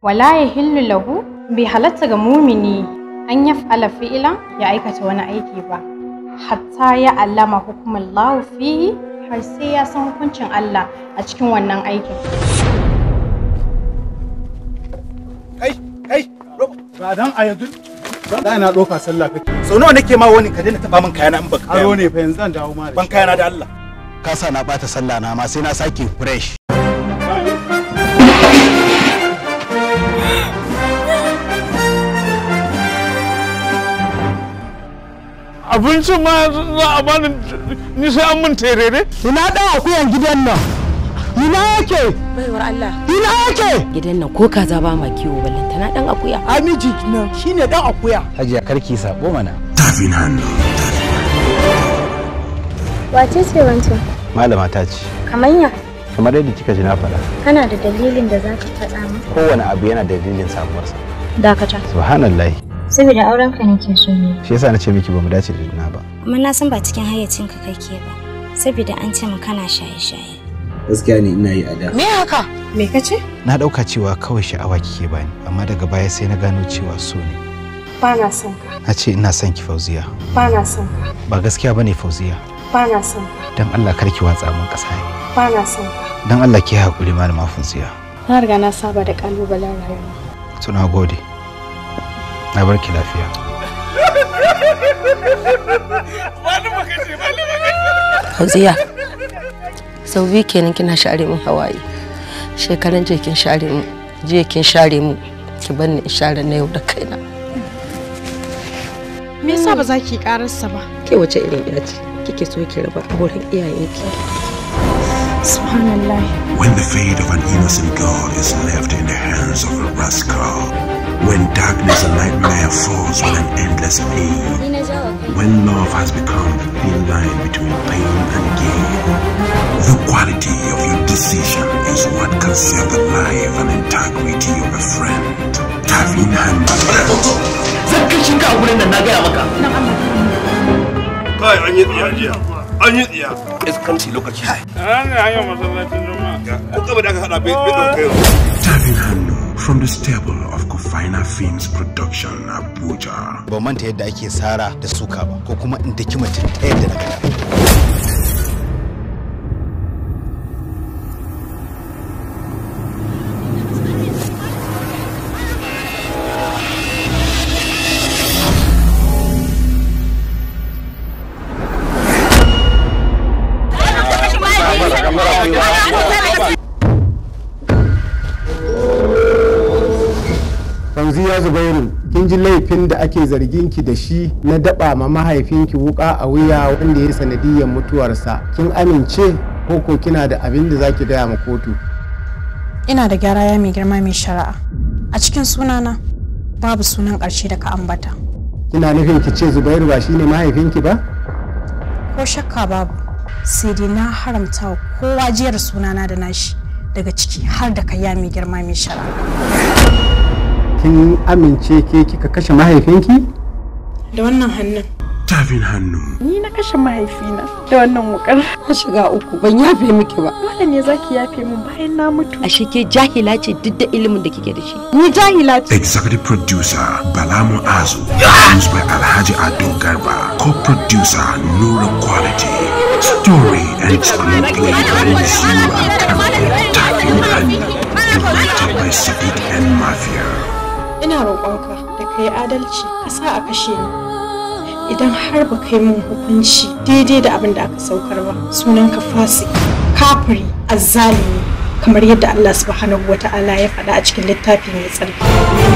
wala ya hillu lahu bai halatta ga mumini an ya fa'ala fi'ila ya aikata wani aiki ba hatta ya allama hukumin lahu har sai ya san hukuncin Allah a cikin wannan aikin kai kai ba dan a yanzu da ina sallah kake so nawa nake ma wani ka daina taɓa min kayana in baka aro ne fa yanzu zan dawo ma ban kayana da Allah ka sa na bata sallah na ma sai na sake fresh abincin ma za a bani nisa an mun terere ina da akuyan gidan nan ina yake baiwar Allah ina yake gidan nan ko kaza ba ma kiwo ballanta na dan akuya amiji nan shine dan akuya hajiya karki sako mana tafin hannu wace ce wancan malama ta ce kamanya kamar yadda kika ji na faɗa kana da dalilin da za ka faɗa mu kowane abu yana dalilin samuwarsa dakata subhanallahi saboda auren ka nake so ne shi yasa ce miki bamu dace da juna ba amma na san ba cikin hayyacin ka kake ba saboda an ce mu kana shaye-shaye gaskiya ne ina yi a da me haka me kace na dauka cewa kawai sha'awa kike bani amma daga baya sai na gano cewa so ne ba na son ka na ce ina son ki fauziya ba na son ka ba gaskiya bane fauziya ba na son ka dan Allah kar ki watsa mun kasa ne ba na son ka dan Allah ki hakuri malama fauziya na riga na saba da kalubalen rayuwa to na gode na bar ki lafiya Fauziya sau biyu kenan kina share min hawaye shekaran jiya kin share mu jiya kin share mu ki bar ni share na yau da kaina me yasa ba za ki kararsa ba ke wace irin ya ce kike so ki raba auren iyayenki subhanallah when the fate of an innocent girl is left in the hands of a rascal When darkness and nightmare falls with an endless pain. When love has become the thin line between pain and gain. The quality of your decision is what can save the life and integrity of a friend. Tafin hannu from the stable of Kufaina Films Production Abuja. Ba manta yadda ake sara da suka ba, ko kuma in daki mutum ta yadda na gada. hajiya zubairu kin ji laifin da ake zargin ki da shi na daba ma mahaifinki wuka a wuya wanda ya sanadiyar mutuwarsa kin amince ko ko kina da abin da zaki gaya ma kotu ina da gyara ya mai girma mai shari'a a cikin sunana babu sunan ƙarshe da ka ambata kina nufin ki ce zubairu ba shine mahaifinki ba ko shakka babu sai dai na haramta kowa jiyar sunana da nashi daga ciki har da ya mai girma mai shari'a. kin amince ke kika kashe mahaifinki? Da wannan hannun. Tafin hannu. Ni na kashe mahaifina da wannan wukar. Na shiga uku ban yafe miki ba. Dole ne zaki yafe min bayan na mutu. Ashe ke jahila ce duk da ilimin da kike da shi. Ni jahila ce. Executive producer Bala Mu'azu. Produced by Alhaji Ado Garba. Co-producer Nura Quality. Story and screenplay by Zuma Tafin Hannu. Directed by Sadiq and Mafia. ina roƙonka da ka yi adalci ka sa a kashe ni idan har ba kai min hukunci daidai da abin da aka saukar ba Sunan ka fasi kafiri azzalimi kamar yadda Allah subhanahu wa ta'ala ya faɗa a cikin littafi mai tsarki